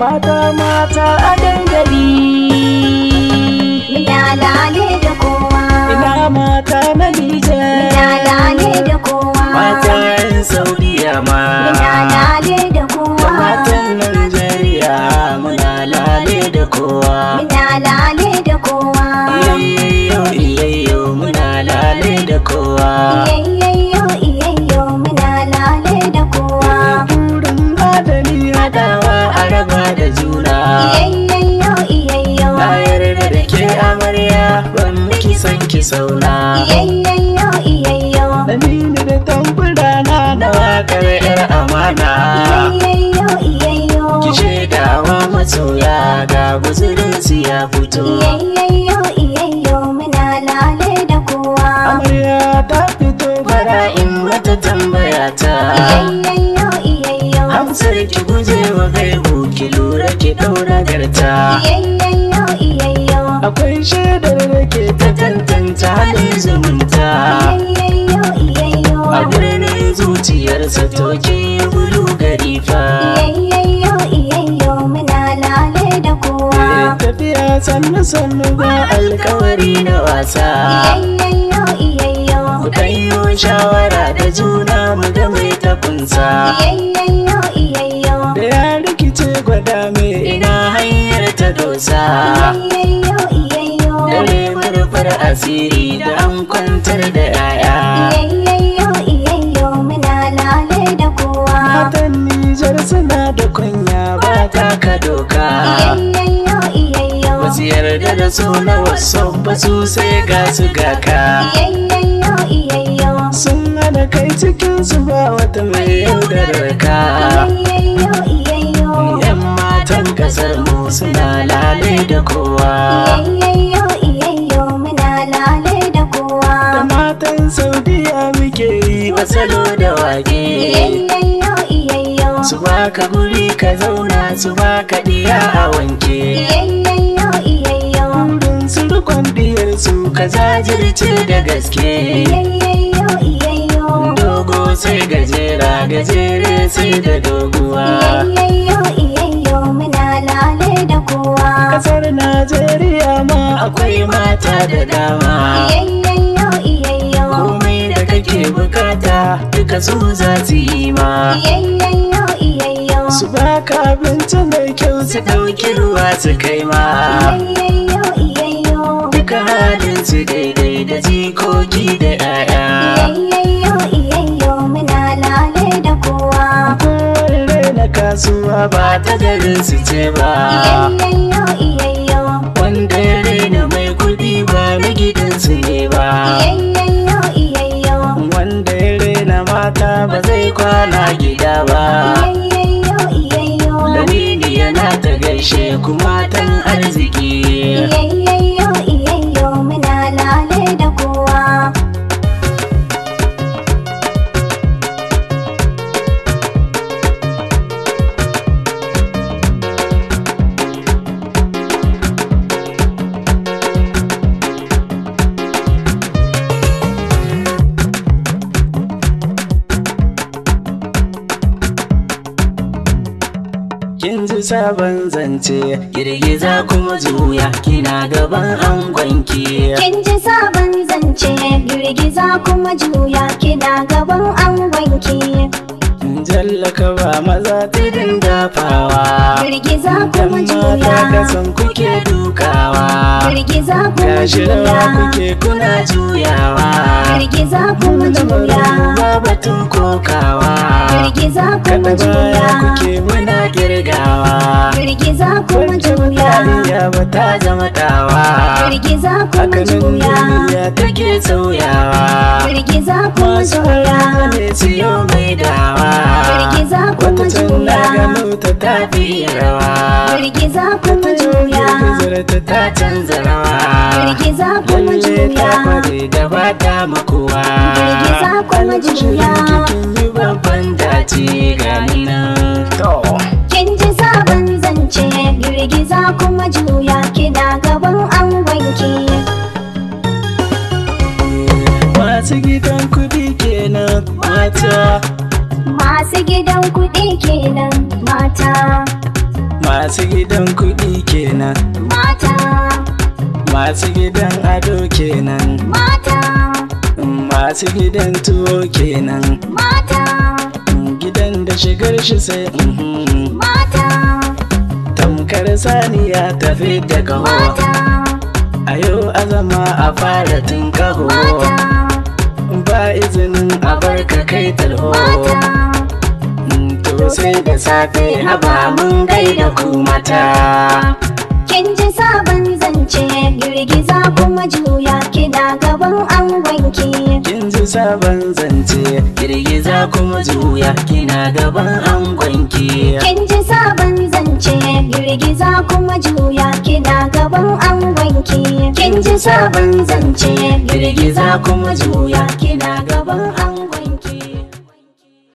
mata mata a dangali ina lale da kowa ina mata na madija ina lale da kowa mata yan sauriya ma ina lale da kowa matan najeriya muna lale da kowa ina lale da kowa iyayyo iyayyo muna lale da kowa sauna iyayyayo iyayyo dalili da tambura na na kare yar amana iyayyayo iyayyo ki dawa masoya ga guzurin su ya fito iyayyayo iyayyo muna lale da kowa amarya ta fito bara in mata tambaya ta iyayyayo iyayyo hamsar ki guje wa gaibu ki lura ki daura garta iyayyayo iyayyo akwai shaidar da ke ta zumunta halin zumunta a birnin zuciyarsa toke gudu gari fa eh, tafiya sannu sannu ba alkawari na wasa mu kanyo shawara da juna mu ga mai takunsa da ya rikice gwada mai ina hanyar ta dosa asiri da an kwantar da 'ya'ya. Iyayyayo iyayyo muna lale da kowa. Matan Nijar suna da kunya ba taka doka. Iyayyayo iyayyo. Ba yarda da su na wasu ba su sai ga su gaka. Iyayyayo iyayyo. Sun hada kai cikin su ba wata mai yaudarar ka. Iyayyayo iyayyo. Yan matan kasar mu suna lale da kowa. Iyayyayo saudiya muke yi salo da wake su ba ka guri ka zauna su ba ka diya a wanke wurin su rukon biyar su ka zajirce da gaske dogo sai gajera gajere sai da doguwa kasar Najeriya ma akwai mata da dama. kake bukata duka su za su yi ma su baka abincin mai kyau su ɗauki ruwa su kai ma duka halin su daidai da jikoki da 'ya'ya muna lale da kowa kowa na kasuwa ba ta garin su ce ba wanda ya raina mai kudi ba na gidansu ne ba na gida ba. Iyayyo, iyayyo, iyayyo. Lamini yana ta gaishe kuma kin ji sabon zance girgiza kuma juya kina gaban angonki kin ji sabon zance girgiza kuma juya kina gaban angonki tsallaka maza ta dinga fawa girgiza kuma juna kasan kuke dukawa girgiza kuma juna kuke kuna juyawa girgiza kuma juna ba batun kokawa girgiza kuma juna kuke muna girgawa girgiza kuma juna yarinya ba ta zama dawa girgiza kuma juya take sauyawa girgiza kuma juya ne ciyo mai dawa girgiza kuma juya ganin ta tafi rawa girgiza kuma juya zurta ta canza rawa girgiza kuma juya ta fadi da ba ta makuwa girgiza kuma juya gidan kuɗi kenan mata masu gidan kuɗi kenan mata masu gidan ado kenan mata mm, masu gidan tuwo kenan mata mm, gidan da shigar shi sai mm-hmm. mata tamkar saniya tafi daga kaho a yau azama a fara tun kaho ba izinin a barka kai talho sosai da safe haba mun gaida ku mata. Kin ji sabon zance girgiza kuma juya kida gaban angonki. Kin ji sabon zance girgiza kuma juya kina gaban angonki. Kin ji sabon zance girgiza kuma juya kida gaban angonki. Kin ji sabon zance girgiza kuma juya kina gaban angonki.